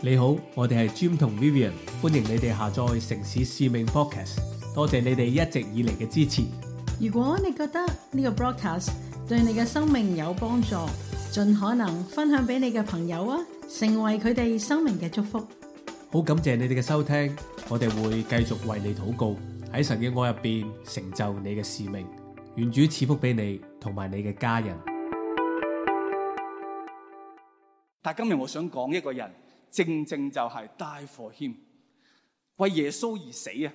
你好，我哋係 Jim 同 Vivian，歡迎你哋下載城市使命 Podcast。多謝你哋一直以嚟嘅支持。如果你覺得呢個 broadcast 對你嘅生命有幫助，盡可能分享俾你嘅朋友啊，成為佢哋生命嘅祝福。好感謝你哋嘅收聽，我哋會繼續為你禱告，喺神嘅愛入邊成就你嘅使命。願主賜福俾你同埋你嘅家人。但今日我想講一個人。正正就係 die for him，為耶穌而死啊！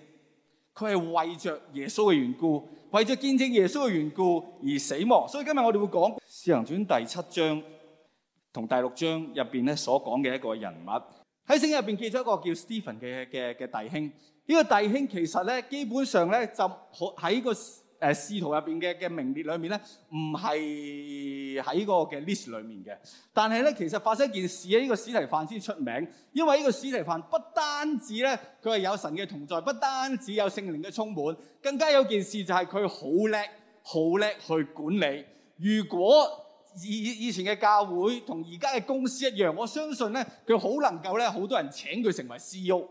佢係為着耶穌嘅緣故，為咗見證耶穌嘅緣故而死亡。所以今日我哋會講《使行傳》第七章同第六章入邊咧所講嘅一個人物喺聖經入邊記咗一個叫 Stephen 嘅嘅嘅弟兄。呢、這個弟兄其實咧基本上咧就可喺個。誒使徒入邊嘅嘅名列裏面咧，唔係喺個嘅 list 裏面嘅。但係咧，其實發生一件事咧，呢、這個司提反先出名。因為呢個司提反不單止咧，佢係有神嘅同在，不單止有聖靈嘅充滿，更加有件事就係佢好叻，好叻去管理。如果以以前嘅教會同而家嘅公司一樣，我相信咧，佢好能夠咧，好多人請佢成為 CEO。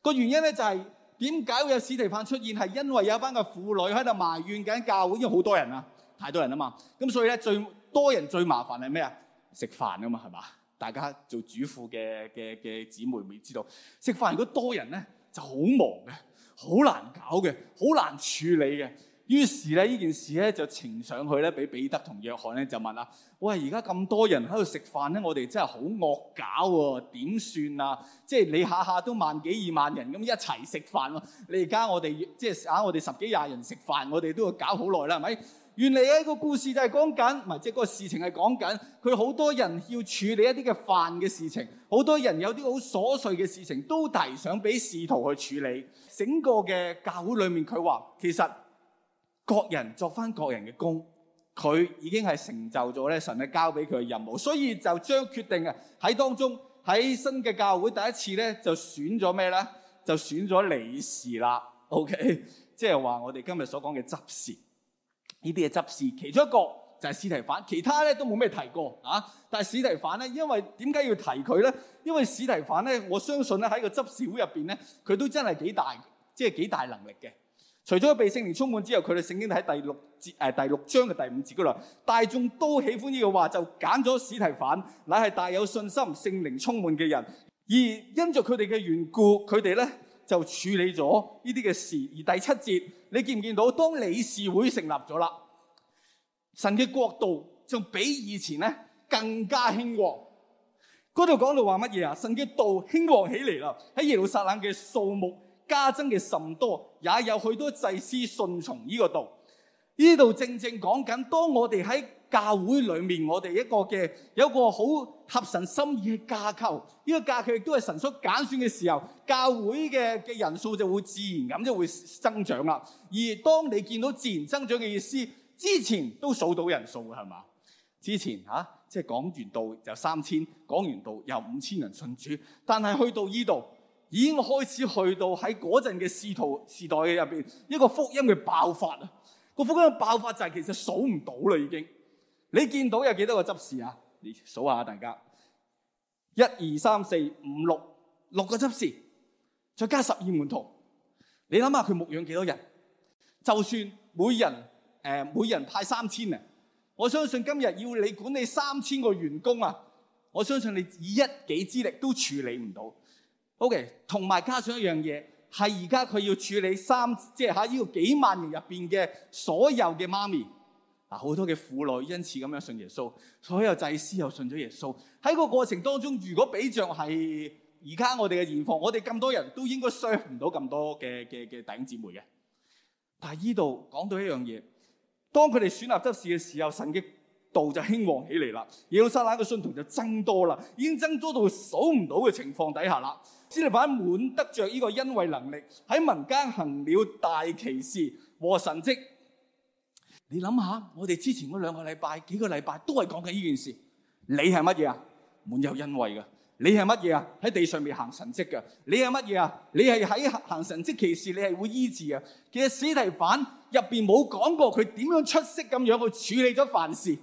個原因咧就係、是。點解會有史提芬出現？係因為有一班個婦女喺度埋怨緊教會，已經好多人啊，太多人啊嘛。咁所以咧，最多人最麻煩係咩啊？食飯啊嘛，係嘛？大家做主婦嘅嘅嘅姊妹咪知道，食飯如果多人咧就好忙嘅，好難搞嘅，好難處理嘅。於是咧，呢件事咧就呈上去咧，俾彼得同約翰咧就問啦：喂，而家咁多人喺度食飯咧，我哋真係好惡搞喎、哦，點算啊？即係你下下都萬幾二萬人咁一齊食飯，你而家我哋即係啊，我哋十幾廿人食飯，我哋都要搞好耐啦，係咪？原嚟咧個故事就係講緊，唔係即係個事情係講緊，佢好多人要處理一啲嘅飯嘅事情，好多人有啲好瑣碎嘅事情都提上俾使徒去處理。整個嘅教會裏面，佢話其實。各人作翻各人嘅工，佢已經係成就咗咧神咧交俾佢嘅任務，所以就將決定啊喺當中喺新嘅教會第一次咧就選咗咩咧？就選咗理事啦，OK，即係話我哋今日所講嘅執事呢啲嘅執事，其中一個就係司提反，其他咧都冇咩提過啊。但係司提反咧，因為點解要提佢咧？因為司提反咧，我相信咧喺個執事會入邊咧，佢都真係幾大，即係幾大能力嘅。除咗被聖靈充滿之後，佢哋聖經喺第六節誒、呃、第六章嘅第五節嗰度，大眾都喜歡呢句話，就揀咗史提反，乃係大有信心、聖靈充滿嘅人。而因着佢哋嘅緣故，佢哋咧就處理咗呢啲嘅事。而第七節，你見唔見到？當理事會成立咗啦，神嘅國度就比以前咧更加興旺。嗰度講到話乜嘢啊？神嘅道興旺起嚟啦，喺耶路撒冷嘅數目，加增嘅甚多，也有許多祭司順從呢個道。呢度正正講緊，當我哋喺教會裏面，我哋一個嘅有一個好合神心意嘅架構，呢個架構亦都係神所揀選嘅時候，教會嘅嘅人數就會自然咁就會增長啦。而當你見到自然增長嘅意思，之前都數到人數嘅係嘛？之前吓、啊，即係講完道就三千，講完道又五千人信主，但係去到呢度。已經開始去到喺嗰陣嘅使徒時代嘅入邊，一個福音嘅爆發啊！個福音嘅爆發就係其實數唔到啦，已經。你見到有幾多個執事啊？你數下大家，一二三四五六，六個執事，再加十二門徒。你諗下佢牧養幾多人？就算每人、呃、每人派三千啊，我相信今日要你管理三千個員工啊，我相信你以一己之力都處理唔到。O.K.，同埋加上一樣嘢，係而家佢要處理三，即係喺呢個幾萬人入面嘅所有嘅媽咪，嗱好多嘅婦女因此咁樣信耶穌，所有祭司又信咗耶穌。喺個過程當中，如果比著係而家我哋嘅現況，我哋咁多人都應該傷唔到咁多嘅嘅嘅弟兄姊妹嘅。但係呢度講到一樣嘢，當佢哋選立執事嘅時候，神嘅道就興旺起嚟啦，耶路撒冷嘅信徒就增多啦，已經增多到數唔到嘅情況底下啦。施提反滿得着呢個恩惠能力，喺民間行了大奇事和神蹟。你諗下，我哋之前嗰兩個禮拜、幾個禮拜都係講緊呢件事。你係乜嘢啊？滿有恩惠嘅。你係乜嘢啊？喺地上面行神蹟嘅。你係乜嘢啊？你係喺行神蹟奇事，你係會醫治嘅。其實史提反入邊冇講過佢點樣出色咁樣去處理咗凡事。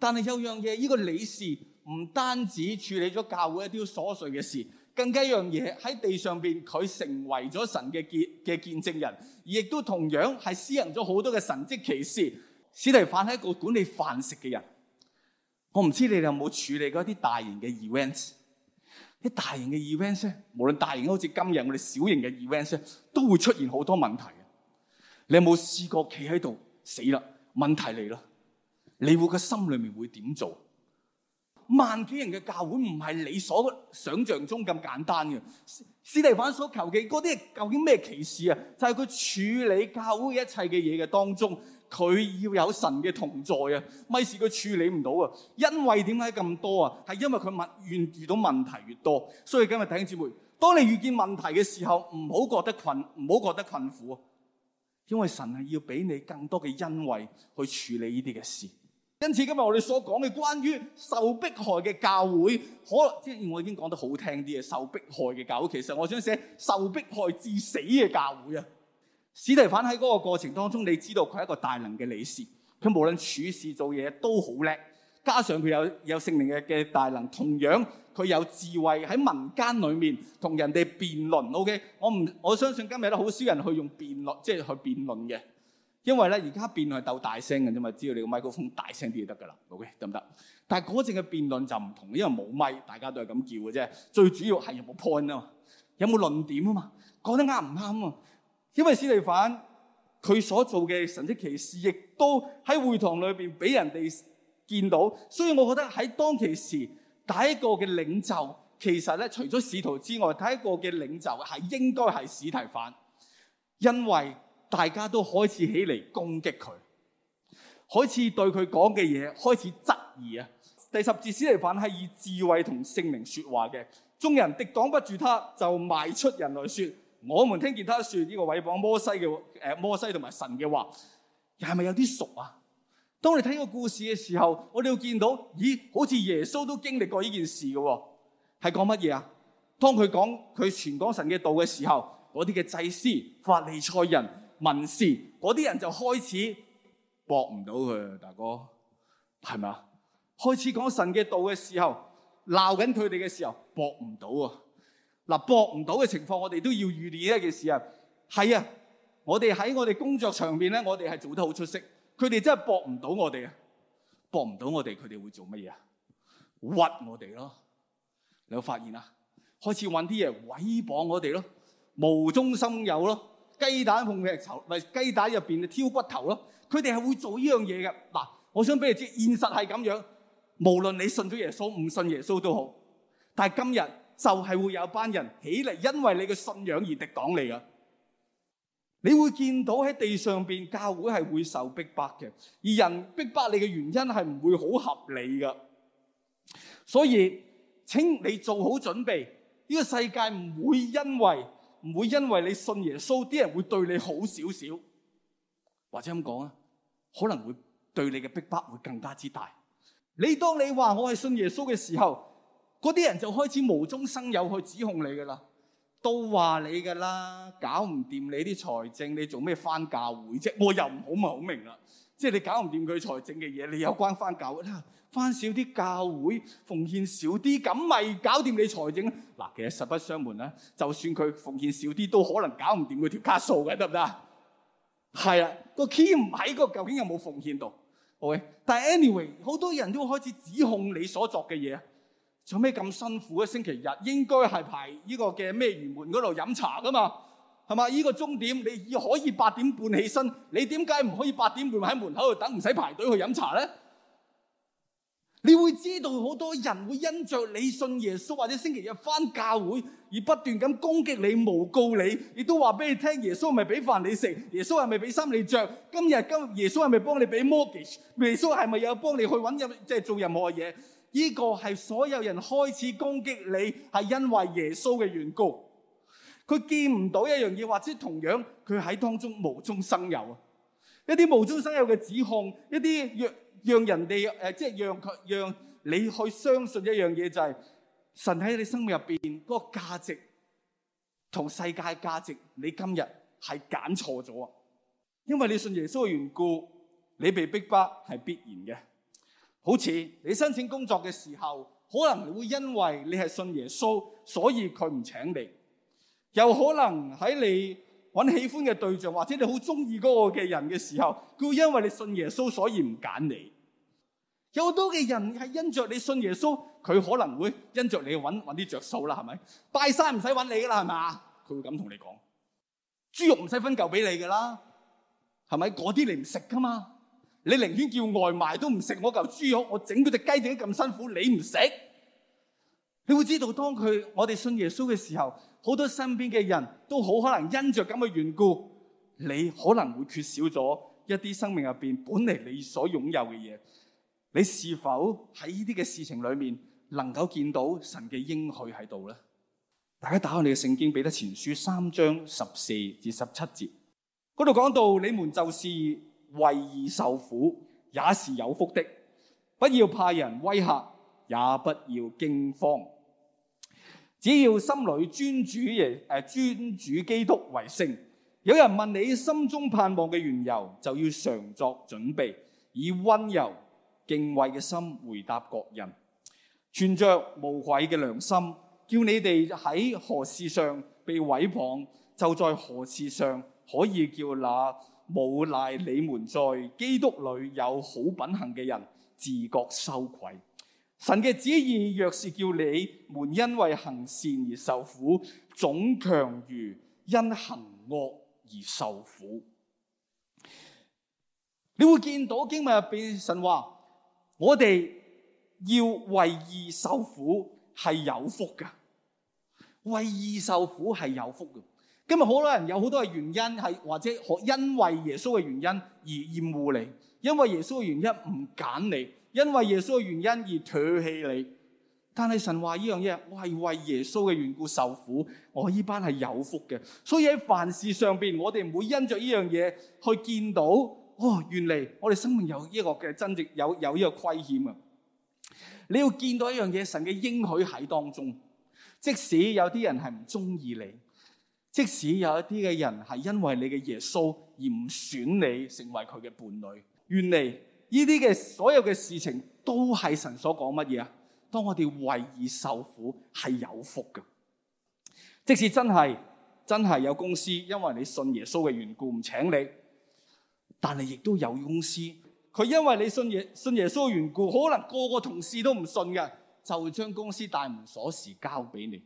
但係有樣嘢，呢、這個理事唔單止處理咗教會一啲瑣碎嘅事，更加一樣嘢喺地上邊佢成為咗神嘅見嘅見證人，亦都同樣係施行咗好多嘅神蹟奇事。史提反係一個管理飯食嘅人，我唔知你哋有冇處理過一啲大型嘅 event，啲大型嘅 event 呢？無論大型好似今日，我哋小型嘅 event 呢，都會出現好多問題。你有冇試過企喺度死啦？問題嚟啦！你會個心裏面會點做？萬幾人嘅教會唔係你所想象中咁簡單嘅。司提反所求嘅嗰啲究竟咩歧視啊？就係、是、佢處理教會一切嘅嘢嘅當中，佢要有神嘅同在啊！咪事佢處理唔到啊？為什麼這麼因為點解咁多啊？係因為佢問越遇到問題越多，所以今日弟兄姊妹，當你遇見問題嘅時候，唔好覺得困，唔好覺得困苦，啊，因為神係要俾你更多嘅恩惠去處理呢啲嘅事。因此今日我哋所講嘅關於受迫害嘅教會，可即係我已經講得好聽啲嘅受迫害嘅教會，其實我想寫受迫害致死嘅教會啊。史提凡喺嗰個過程當中，你知道佢係一個大能嘅理事，佢無論處事做嘢都好叻，加上佢有有聖靈嘅嘅大能，同樣佢有智慧喺民間裏面同人哋辯論。OK，我唔我相信今日都好少人去用辯論，即係去辯論嘅。因為咧，而家辯論係鬥大聲嘅啫嘛，只要你個麥克風大聲啲就得噶啦，OK 得唔得？但係嗰陣嘅辯論就唔同，因為冇咪，大家都係咁叫嘅啫。最主要係有冇 point 啊嘛？有冇論點啊嘛，講得啱唔啱啊？因為司提反佢所做嘅神蹟奇事，亦都喺會堂裏邊俾人哋見到，所以我覺得喺當其時第一個嘅領袖，其實咧除咗使徒之外，第一個嘅領袖係應該係司提反，因為。大家都開始起嚟攻擊佢，開始對佢講嘅嘢開始質疑啊。第十節，司提反係以智慧同聖靈說話嘅，眾人敵擋不住他，就買出人來説：我們聽見他説呢，這個毀謗摩西嘅誒摩西同埋神嘅話，係咪有啲熟啊？當你聽個故事嘅時候，我哋會見到咦，好似耶穌都經歷過呢件事嘅喎。係講乜嘢啊？當佢講佢傳講神嘅道嘅時候，嗰啲嘅祭司法利賽人。民事嗰啲人就開始駁唔到佢，大哥係咪啊？開始講神嘅道嘅時候，鬧緊佢哋嘅時候，駁唔到啊！嗱，駁唔到嘅情況，我哋都要預料一件事啊。係啊，我哋喺我哋工作上面咧，我哋係做得好出色。佢哋真係駁唔到我哋啊！駁唔到我哋，佢哋會做乜嘢啊？屈我哋咯，你有發現啊？開始揾啲嘢委綁我哋咯，無中生有咯。雞蛋碰石頭，咪雞蛋入邊挑骨頭咯。佢哋係會做呢樣嘢嘅。嗱，我想俾你知，現實係咁樣。無論你信咗耶穌，唔信耶穌都好，但係今日就係會有班人起嚟，因為你嘅信仰而敵擋你噶。你會見到喺地上邊教會係會受逼迫嘅，而人逼迫你嘅原因係唔會好合理噶。所以，請你做好準備，呢個世界唔會因為。唔會因為你信耶穌，啲人會對你好少少，或者咁講啊，可能會對你嘅逼迫會更加之大。你當你話我係信耶穌嘅時候，嗰啲人就開始無中生有去指控你噶啦，都話你噶啦，搞唔掂你啲財政，你做咩返教會啫？我又唔好唔好明啦。即係你搞唔掂佢財政嘅嘢，你有關翻教會啦，翻少啲教會奉獻少啲，咁咪搞掂你財政嗱，其實實不相瞞啦，就算佢奉獻少啲，都可能搞唔掂佢條卡數嘅，得唔得？係啦，個 key 唔喺個究竟有冇奉獻度？OK 但係 anyway，好多人都開始指控你所作嘅嘢，做咩咁辛苦？星期日應該係排呢個嘅咩漁門嗰度飲茶噶嘛？係嘛？依個終點，你可以八點半起身，你點解唔可以八點半喺門口度等，唔使排隊去飲茶呢？你會知道好多人會因着「你信耶穌或者星期日翻教會而不斷咁攻擊你、誣告你，亦都話俾你聽耶穌係咪俾飯你食，耶穌係咪俾衫你著？今日今耶穌係咪幫你俾 mortgage？耶穌係咪有幫你去揾任即係做任何嘢？呢個係所有人開始攻擊你，係因為耶穌嘅緣故。佢見唔到一樣嘢，或者同樣佢喺當中無中生有啊！一啲無中生有嘅指控，一啲讓，讓人哋、呃、即係讓佢讓你去相信一樣嘢，就係、是、神喺你生命入邊嗰、那個價值同世界價值，你今日係揀錯咗啊！因為你信耶穌嘅緣故，你被逼迫係必然嘅。好似你申請工作嘅時候，可能你會因為你係信耶穌，所以佢唔請你。有可能喺你揾喜歡嘅對象，或者你好中意嗰個嘅人嘅時候，佢會因為你信耶穌，所以唔揀你。有多嘅人係因着你信耶穌，佢可能會因着你揾揾啲着數啦，係咪？拜山唔使揾你噶啦，係嘛？佢會咁同你講：豬肉唔使分嚿俾你噶啦，係咪？嗰啲你唔食噶嘛？你寧願叫外賣都唔食我嚿豬肉，我整嗰隻雞整得咁辛苦，你唔食？你會知道當他，當佢我哋信耶穌嘅時候，好多身邊嘅人都好可能因着咁嘅緣故，你可能會缺少咗一啲生命入邊本嚟，你所擁有嘅嘢。你是否喺呢啲嘅事情裏面，能夠見到神嘅應許喺度呢？大家打開你嘅聖經，彼得前書三章十四至十七節，嗰度講到：你們就是為義受苦，也是有福的。不要怕人威嚇。也不要驚慌，只要心裏尊主耶、啊、尊主基督為聖。有人問你心中盼望嘅緣由，就要常作準備，以温柔敬畏嘅心回答各人，存着無愧嘅良心，叫你哋喺何事上被毀謗，就在何事上可以叫那無賴你們在基督裏有好品行嘅人自覺羞愧。神嘅旨意若是叫你們因為行善而受苦，總強如因行惡而受苦。你會見到經文入邊神話，我哋要為義受苦係有福噶，為義受苦係有福噶。今日好多人有好多嘅原因係或者學因為耶穌嘅原因而厭惡你，因為耶穌嘅原因唔揀你。因為耶穌嘅原因而唾棄你，但係神話呢樣嘢，我係為耶穌嘅緣故受苦，我呢班係有福嘅。所以喺凡事上邊，我哋唔會因着呢樣嘢去見到，哦，原嚟我哋生命有呢個嘅真值，有有呢個虧欠啊！你要見到一樣嘢，神嘅應許喺當中，即使有啲人係唔中意你，即使有一啲嘅人係因為你嘅耶穌而唔選你成為佢嘅伴侶，原嚟。呢啲嘅所有嘅事情都係神所講乜嘢啊？當我哋為義受苦係有福嘅，即使真係真係有公司，因為你信耶穌嘅緣故唔請你，但係亦都有公司，佢因為你信耶信耶穌嘅緣故，可能個個同事都唔信嘅，就將公司大門鎖匙交俾你。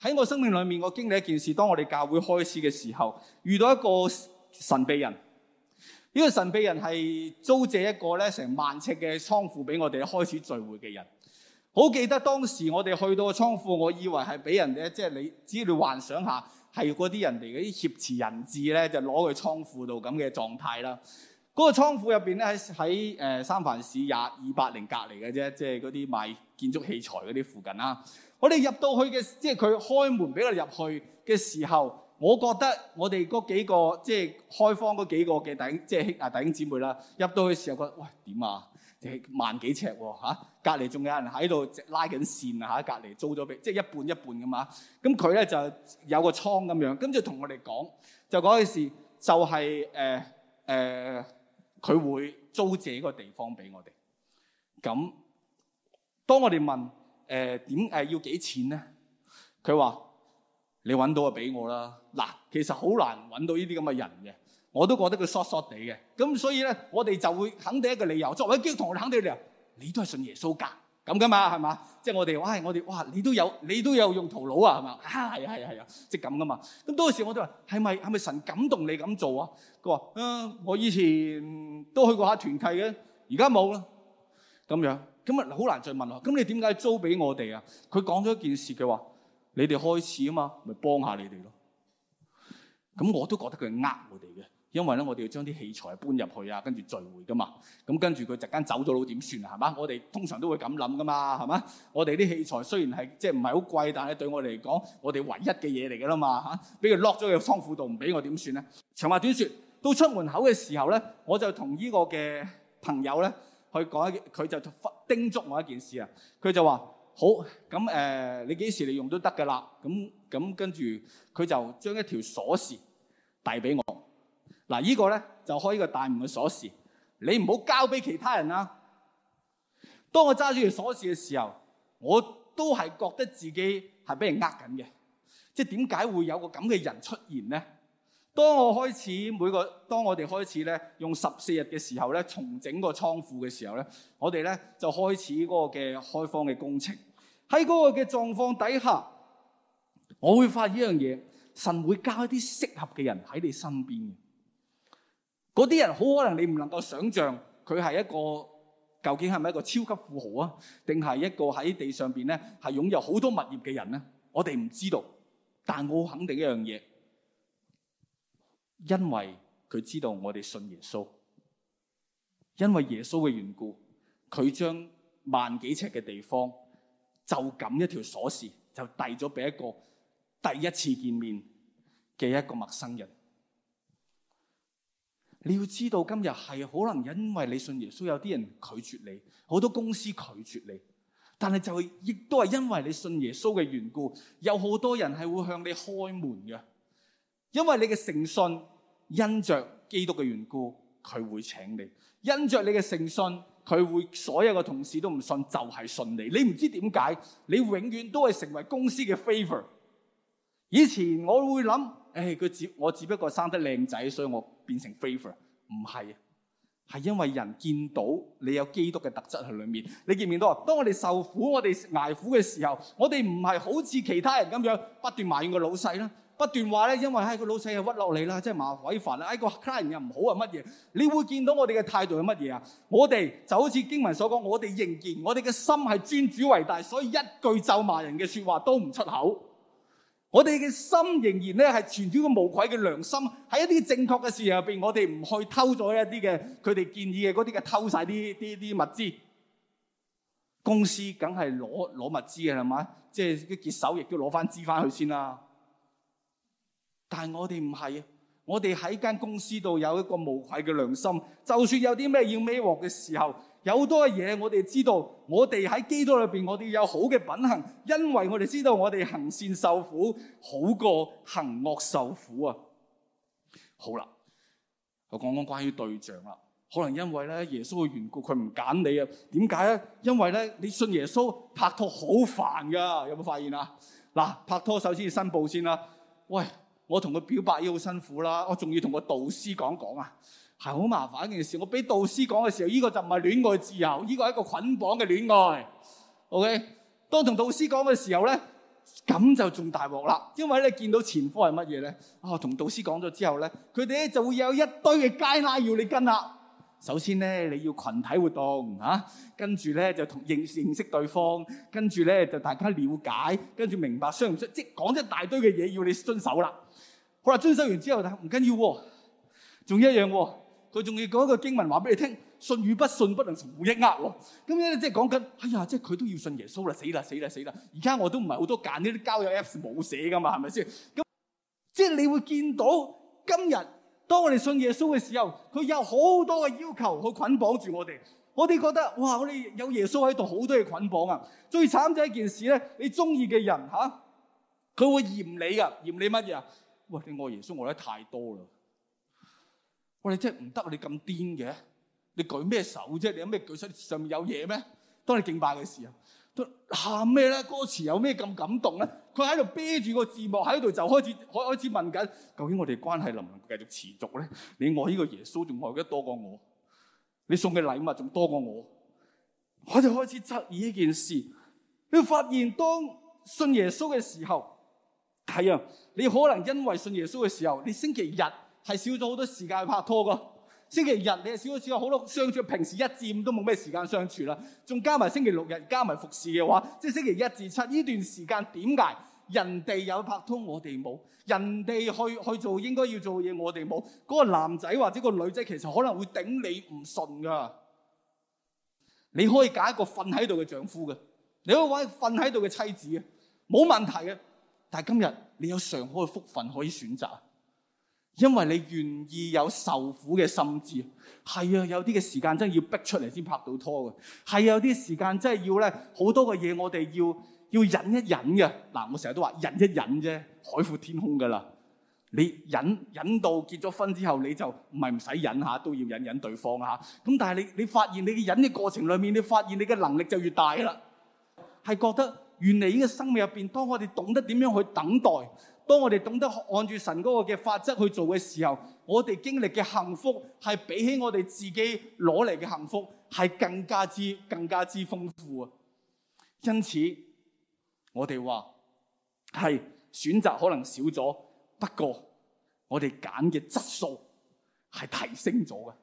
喺我生命裏面，我經歷一件事，當我哋教會開始嘅時候，遇到一個神秘人。呢、這個神秘人係租借一個咧成萬尺嘅倉庫俾我哋開始聚會嘅人。好記得當時我哋去到個倉庫，我以為係俾人哋，即、就、係、是、你只要你幻想下，係嗰啲人哋嗰啲挾持人質咧，就攞去倉庫度咁嘅狀態啦。嗰、那個倉庫入邊咧喺喺誒三藩市廿二百零隔離嘅啫，即係嗰啲賣建築器材嗰啲附近啦。我哋入到去嘅，即係佢開門俾我哋入去嘅時候。我覺得我哋嗰幾個，即係開荒嗰幾個嘅弟兄，即係弟兄姊妹啦，入到去時候覺得喂，點啊？即係萬幾尺喎，隔離仲有人喺度拉緊線啊，隔離租咗俾即係一半一半咁嘛。咁佢咧就有個倉咁樣，就跟住同我哋講，就講嘅事就係誒誒，佢、呃呃、會租借個地方俾我哋。咁當我哋問誒點、呃、要幾錢咧，佢話。你揾到就俾我啦。嗱，其實好難揾到呢啲咁嘅人嘅，我都覺得佢索索地嘅。咁所以咧，我哋就會肯定一個理由，作為基督徒我肯定理由，你都係信耶穌噶，咁噶嘛，係嘛？即係我哋話我哋，哇！你都有，你都有用頭腦啊，係嘛？係啊，係啊，係啊，即係咁噶嘛。咁當時我哋話係咪係咪神感動你咁做啊？佢話：嗯、啊，我以前都去過下團契嘅，而家冇啦。咁樣，咁啊好難再問我。咁你點解租俾我哋啊？佢講咗一件事，佢話。你哋開始啊嘛，咪幫下你哋咯。咁我都覺得佢呃我哋嘅，因為咧我哋要將啲器材搬入去啊，跟住聚會噶嘛。咁跟住佢陣間走咗佬點算啊？係嘛？我哋通常都會咁諗噶嘛，係嘛？我哋啲器材雖然係即係唔係好貴，但係對我嚟講，我哋唯一嘅嘢嚟噶啦嘛吓，俾佢落咗喺倉庫度唔俾我點算咧？長話短說，到出門口嘅時候咧，我就同呢個嘅朋友咧去講一，佢就叮囑我一件事啊，佢就話。好，咁誒、呃，你幾時你用都得㗎啦。咁咁跟住，佢就將一條鎖匙遞俾我。嗱、這個，依個咧就開依個大門嘅鎖匙。你唔好交俾其他人啦、啊。當我揸住條鎖匙嘅時候，我都係覺得自己係俾人呃緊嘅。即係點解會有個咁嘅人出現咧？當我開始每個，當我哋開始咧用十四日嘅時候咧，重整個倉庫嘅時候咧，我哋咧就開始嗰個嘅開放嘅工程。喺嗰個嘅狀況底下，我會發現一樣嘢：神會加一啲適合嘅人喺你身邊嘅。嗰啲人好可能你唔能夠想象，佢係一個究竟係咪一個超級富豪啊？定係一個喺地上邊咧係擁有好多物業嘅人咧？我哋唔知道，但我肯定一樣嘢。因為佢知道我哋信耶穌，因為耶穌嘅緣故，佢將萬幾尺嘅地方就咁一條鎖匙就遞咗俾一個第一次見面嘅一個陌生人。你要知道，今日係可能因為你信耶穌，有啲人拒絕你，好多公司拒絕你，但係就亦都係因為你信耶穌嘅緣故，有好多人係會向你開門嘅。因為你嘅誠信，因着基督嘅緣故，佢會請你。因着你嘅誠信，佢會所有嘅同事都唔信，就係、是、信你。你唔知點解，你永遠都係成為公司嘅 favor。以前我會諗，誒、哎，佢只我只不過生得靚仔，所以我變成 favor。唔係，係因為人見到你有基督嘅特質喺裏面。你見唔見到？當我哋受苦、我哋捱苦嘅時候，我哋唔係好似其他人咁樣不斷埋怨個老細啦。不斷話咧，因為唉個老細又屈落嚟啦，即係麻鬼煩啦！唉個 client 又唔好啊，乜嘢？你會見到我哋嘅態度係乜嘢啊？我哋就好似經文所講，我哋仍然，我哋嘅心係尊主為大，所以一句咒罵人嘅説話都唔出口。我哋嘅心仍然咧係存住一個無愧嘅良心，喺一啲正確嘅事入邊，我哋唔去偷咗一啲嘅佢哋建議嘅嗰啲嘅偷晒啲啲啲物資。公司梗係攞攞物資嘅係嘛？即係啲劫手亦都攞翻支翻去先啦。但係我哋唔係，我哋喺間公司度有一個無愧嘅良心。就算有啲咩要孭鑊嘅時候，有好多嘢我哋知道。我哋喺基督裏邊，我哋有好嘅品行，因為我哋知道我哋行善受苦好過行惡受苦啊。好啦，我講講關於對象啦。可能因為咧耶穌嘅緣故，佢唔揀你啊？點解咧？因為咧你信耶穌拍拖好煩噶，有冇發現啊？嗱，拍拖，有有拍拖首先要申報先啦，喂。我同佢表白已好辛苦啦，我仲要同個導師講講啊，係好麻煩一件事。我俾導師講嘅時候，呢個就唔係戀愛自由，呢個係一個捆綁嘅戀愛。OK，當同導師講嘅時候咧，咁就仲大鑊啦，因為咧見到前科係乜嘢咧？啊，同導師講咗之後咧，佢哋咧就會有一堆嘅戒律，要你跟啦。首先咧，你要群體活動嚇，跟住咧就同認認識對方，跟住咧就大家了解，跟住明白習習，相唔相即講一大堆嘅嘢要你遵守啦。好啦，遵守完之後，唔緊要，仲一樣喎，佢仲要講一個經文話俾你聽，信與不信不能共負一軛」喎。咁咧即係講緊，哎呀，即係佢都要信耶穌啦，死啦死啦死啦！而家我都唔係好多揀，呢啲交友 Apps 冇寫噶嘛，係咪先？咁即係你會見到今日。當我哋信耶穌嘅時候，佢有好多嘅要求，去捆綁住我哋。我哋覺得哇，我哋有耶穌喺度，好多嘢捆綁啊！最慘就一件事咧，你中意嘅人吓，佢、啊、會嫌你噶，嫌你乜嘢啊？喂，你愛耶穌我愛得太多啦！喂，你真係唔得，你咁癲嘅？你舉咩手啫？你有咩舉出上面有嘢咩？當你敬拜嘅時候。都喊咩咧？歌詞有咩咁感動咧？佢喺度啤住個字幕喺度，就開始，開開始問緊：究竟我哋關係能唔能繼續持續咧？你愛呢個耶穌仲愛得多過我？你送嘅禮物仲多過我？我就開始質疑呢件事。你發現當信耶穌嘅時候，係啊，你可能因為信耶穌嘅時候，你星期日係少咗好多時間去拍拖噶。星期日你係少少好多相處，平時一至五都冇咩時間相處啦，仲加埋星期六日加埋服侍嘅話，即係星期一至七呢段時間，點解人哋有拍拖我哋冇，人哋去去做應該要做嘢我哋冇？嗰個男仔或者個女仔其實可能會頂你唔順噶。你可以揀一個瞓喺度嘅丈夫嘅，你可以揾一個瞓喺度嘅妻子嘅，冇問題嘅。但係今日你有上好嘅福分可以選擇。因為你願意有受苦嘅心志，係啊，有啲嘅時間真係要逼出嚟先拍到拖嘅，係、啊、有啲時間真係要咧好多嘅嘢，我哋要要忍一忍嘅。嗱、啊，我成日都話忍一忍啫，海闊天空噶啦。你忍忍到結咗婚之後，你就唔係唔使忍吓，都要忍忍對方吓。咁但係你你發現你嘅忍嘅過程裏面，你發現你嘅能力就越大啦。係覺得，原嚟呢個生命入邊，當我哋懂得點樣去等待。當我哋懂得按住神嗰個嘅法則去做嘅時候，我哋經歷嘅幸福係比起我哋自己攞嚟嘅幸福係更加之更加之豐富啊！因此我哋話係選擇可能少咗，不過我哋揀嘅質素係提升咗嘅。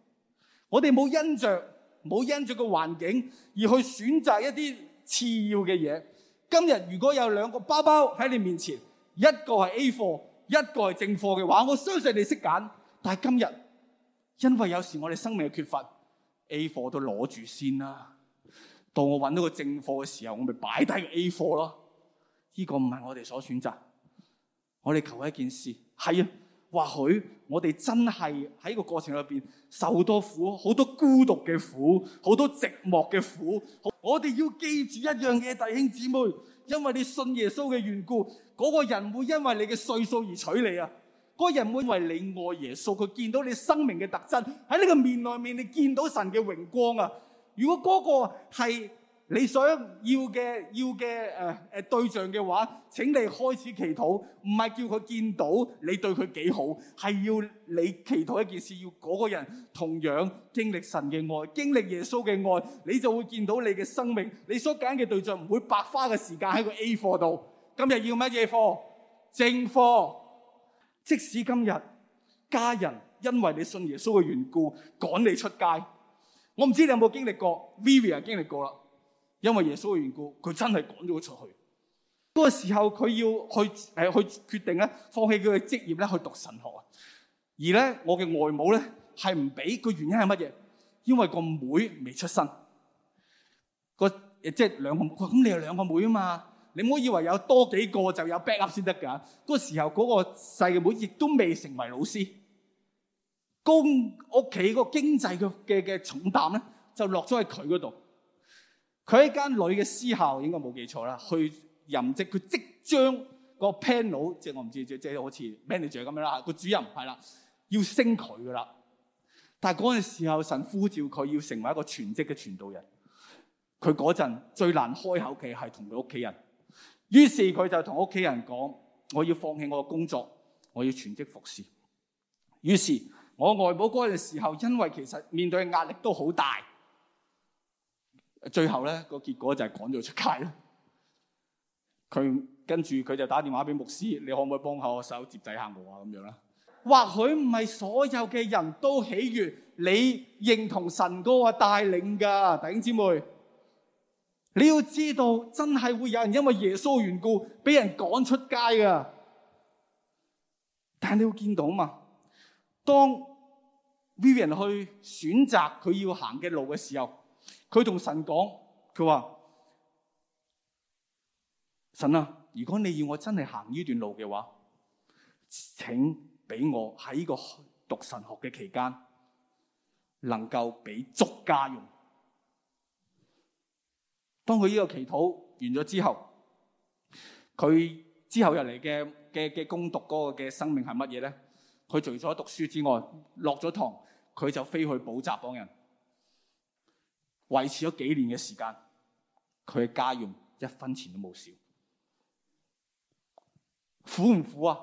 我哋冇因着冇因着個環境而去選擇一啲次要嘅嘢。今日如果有兩個包包喺你面前。一個係 A 貨，一個係正貨嘅話，我相信你識揀。但係今日，因為有時我哋生命嘅缺乏，A 貨都攞住先啦。到我揾到個正貨嘅時候，我咪擺低個 A 貨咯。呢個唔係我哋所選擇。我哋求一件事係啊，或許我哋真係喺個過程裏面受多苦，好多孤獨嘅苦，好多寂寞嘅苦。我哋要記住一樣嘢，弟兄姊妹。因為你信耶穌嘅緣故，嗰、那個人會因為你嘅歲數而娶你啊！嗰、那個人會因為你愛耶穌，佢見到你生命嘅特徵，喺呢個面內面，你見到神嘅榮光啊！如果嗰個係，你想要嘅要嘅誒誒對象嘅話，請你開始祈禱，唔係叫佢見到你對佢幾好，係要你祈禱一件事，要嗰個人同樣經歷神嘅愛，經歷耶穌嘅愛，你就會見到你嘅生命。你所揀嘅對象唔會白花嘅時間喺個 A 貨度。今日要乜嘢貨？正貨。即使今日家人因為你信耶穌嘅緣故趕你出街，我唔知你有冇經歷過，Vivian 經歷過啦。因為耶穌嘅緣故，佢真係趕咗出去。嗰個時候，佢要去誒去決定咧，放棄佢嘅職業咧，去讀神學。而咧，我嘅外母咧係唔俾，個原因係乜嘢？因為個妹未出生。個即係兩個，咁你有兩個妹啊嘛？你唔好以為有多幾個就有 backup 先得噶。嗰個時候，嗰個細嘅妹亦都未成為老師，供屋企嗰個經濟嘅嘅重擔咧，就落咗喺佢嗰度。佢喺間女嘅私校，應該冇記錯啦。去任職，佢即將個 panel，即係我唔知即係好似 manager 咁樣啦，個主任係啦，要升佢噶啦。但係嗰陣時候，神呼召佢要成為一個全職嘅傳道人。佢嗰陣最難開口嘅係同佢屋企人。於是佢就同屋企人講：「我要放棄我嘅工作，我要全職服侍。」於是我外母嗰陣時候，因為其實面對嘅壓力都好大。最後咧，個結果就係趕咗出街啦。佢跟住佢就打電話俾牧師，你可唔可以幫下我手接濟下我啊？咁樣啦。或許唔係所有嘅人都喜悅你認同神哥啊帶領噶弟兄姊妹，你要知道，真係會有人因為耶穌緣故俾人趕出街噶。但係你會見到嘛？當 Vivian 去選擇佢要行嘅路嘅時候。佢同神講，佢話：神啊，如果你要我真係行呢段路嘅話，請俾我喺呢個讀神學嘅期間，能夠俾足家用。當佢呢個祈禱完咗之後，佢之後入嚟嘅嘅嘅攻讀嗰個嘅生命係乜嘢咧？佢除咗讀書之外，落咗堂佢就飛去補習幫人。維持咗幾年嘅時間，佢嘅家用一分錢都冇少，苦唔苦啊？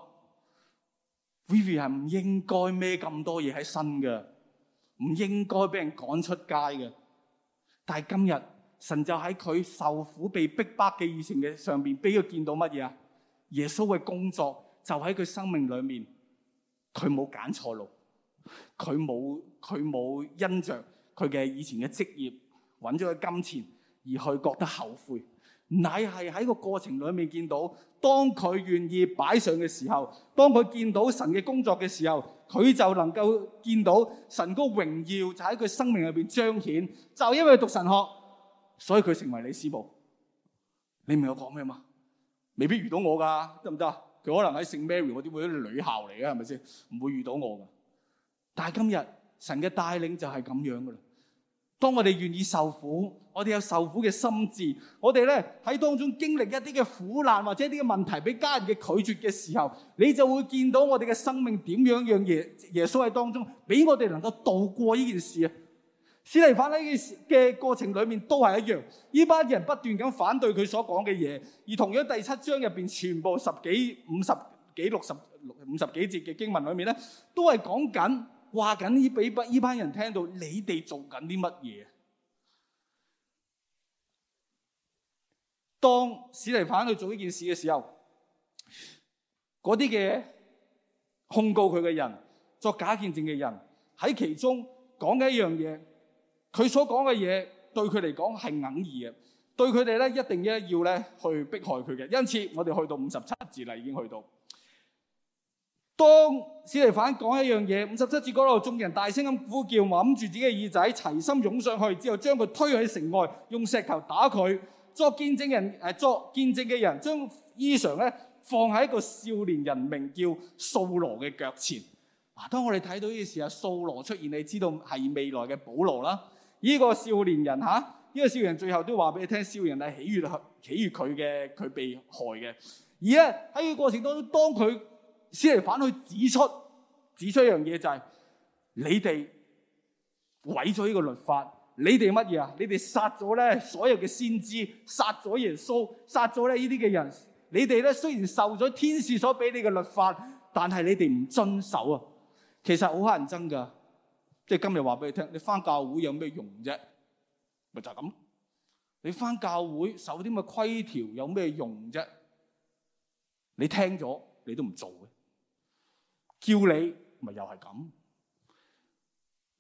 Vivi 係唔應該孭咁多嘢喺身嘅，唔應該俾人趕出街嘅。但係今日神就喺佢受苦被逼百嘅以前嘅上邊，俾佢見到乜嘢啊？耶穌嘅工作就喺佢生命裏面，佢冇揀錯路，佢冇佢冇因着佢嘅以前嘅職業。揾咗佢金錢，而去覺得後悔。乃係喺個過程裏面見到，當佢願意擺上嘅時候，當佢見到神嘅工作嘅時候，佢就能夠見到神個榮耀就喺佢生命裏邊彰顯。就因為佢讀神學，所以佢成為李師母。你明我講咩嘛？未必遇到我噶，得唔得？佢可能喺聖 Mary，我會啲女校嚟嘅係咪先？唔會遇到我噶。但係今日神嘅帶領就係咁樣噶啦。當我哋願意受苦，我哋有受苦嘅心志。我哋咧喺當中經歷一啲嘅苦難或者一啲嘅問題，俾家人嘅拒絕嘅時候，你就會見到我哋嘅生命點樣讓耶耶穌喺當中俾我哋能夠度過呢件事啊！司提反呢件事嘅過程裏面都係一樣，呢班人不斷咁反對佢所講嘅嘢，而同樣第七章入邊全部十幾五十幾六十五十幾節嘅經文裏面咧，都係講緊。話緊呢，俾不呢班人聽到，你哋做緊啲乜嘢？當司提反去做呢件事嘅時候，嗰啲嘅控告佢嘅人，作假見證嘅人，喺其中講嘅一樣嘢，佢所講嘅嘢對佢嚟講係硬意嘅，對佢哋咧一定要咧去迫害佢嘅。因此，我哋去到五十七字啦，已經去到。當司提反講一樣嘢，五十七節嗰度，眾人大聲咁呼叫，揞住自己嘅耳仔，齊心湧上去，之後將佢推喺城外，用石頭打佢。作見證人誒，作見證嘅人將衣裳咧放喺一個少年人名叫掃羅嘅腳前。嗱、啊，當我哋睇到呢件事啊，掃羅出現，你知道係未來嘅保羅啦。呢、呢個少年人嚇，依、啊呢個少年人最後都話俾你聽，少年人係喜悅喜悅佢嘅佢被害嘅。而咧喺呢個過程當中，當佢。先嚟反去指出指出一樣嘢就係你哋毀咗呢個律法，你哋乜嘢啊？你哋殺咗咧所有嘅先知，殺咗耶穌，殺咗咧呢啲嘅人。你哋咧雖然受咗天使所俾你嘅律法，但係你哋唔遵守啊！其實好乞人憎㗎，即係今日話俾你聽，你返教會有咩用啫？咪就係咁，你返教會守啲咁嘅規條有咩用啫？你聽咗你都唔做嘅。叫你咪又係咁，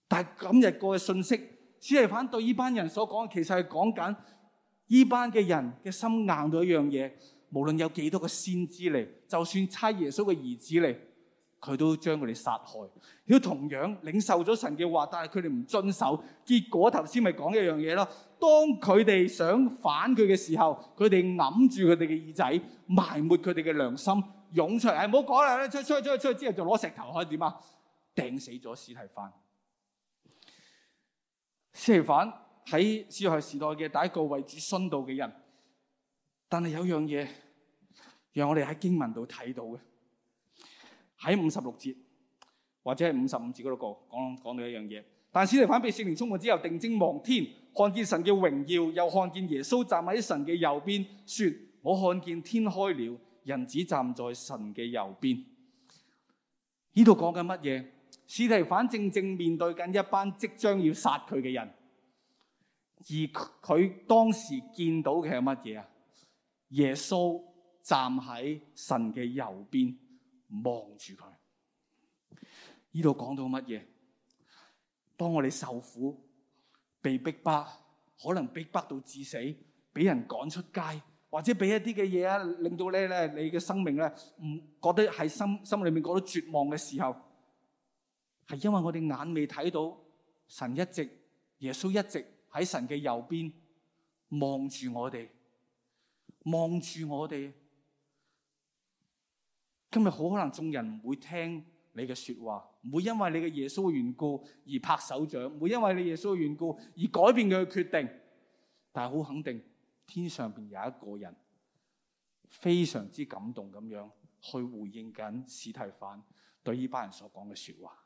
但係今日個信息只係反對呢班人所講，其實係講緊呢班嘅人嘅心硬到的一樣嘢。無論有幾多個先知嚟，就算差耶穌嘅兒子嚟，佢都將佢哋殺害，亦都同樣領受咗神嘅話，但係佢哋唔遵守，結果頭先咪講一樣嘢咯。當佢哋想反佢嘅時候，佢哋揞住佢哋嘅耳仔，埋沒佢哋嘅良心。湧出，誒、哎，唔好講啦，出去出去出出之後就攞石頭開，開始點啊，掟死咗史提反。史提反喺主後時代嘅第一個位置殉道嘅人，但係有樣嘢讓我哋喺經文度睇到嘅，喺五十六節或者係五十五節嗰度講講到一樣嘢。但史提反被聖靈充滿之後，定睛望天，看見神嘅榮耀，又看見耶穌站喺神嘅右邊，說我看見天開了。人子站在神嘅右邊，呢度講緊乜嘢？史提反正正面對緊一班即將要殺佢嘅人，而佢當時見到嘅係乜嘢啊？耶穌站喺神嘅右邊，望住佢。呢度講到乜嘢？當我哋受苦、被逼迫，可能逼迫到致死，俾人趕出街。或者俾一啲嘅嘢啊，令到咧咧你嘅生命咧唔覺得喺心心裏面覺得絕望嘅時候，係因為我哋眼未睇到神一直耶穌一直喺神嘅右邊望住我哋，望住我哋。今日好可能眾人唔會聽你嘅說話，唔會因為你嘅耶穌嘅緣故而拍手掌，唔會因為你耶穌嘅緣故而改變佢嘅決定。但係好肯定。天上邊有一個人，非常之感動咁樣去回應緊史提反對呢班人所講嘅説話。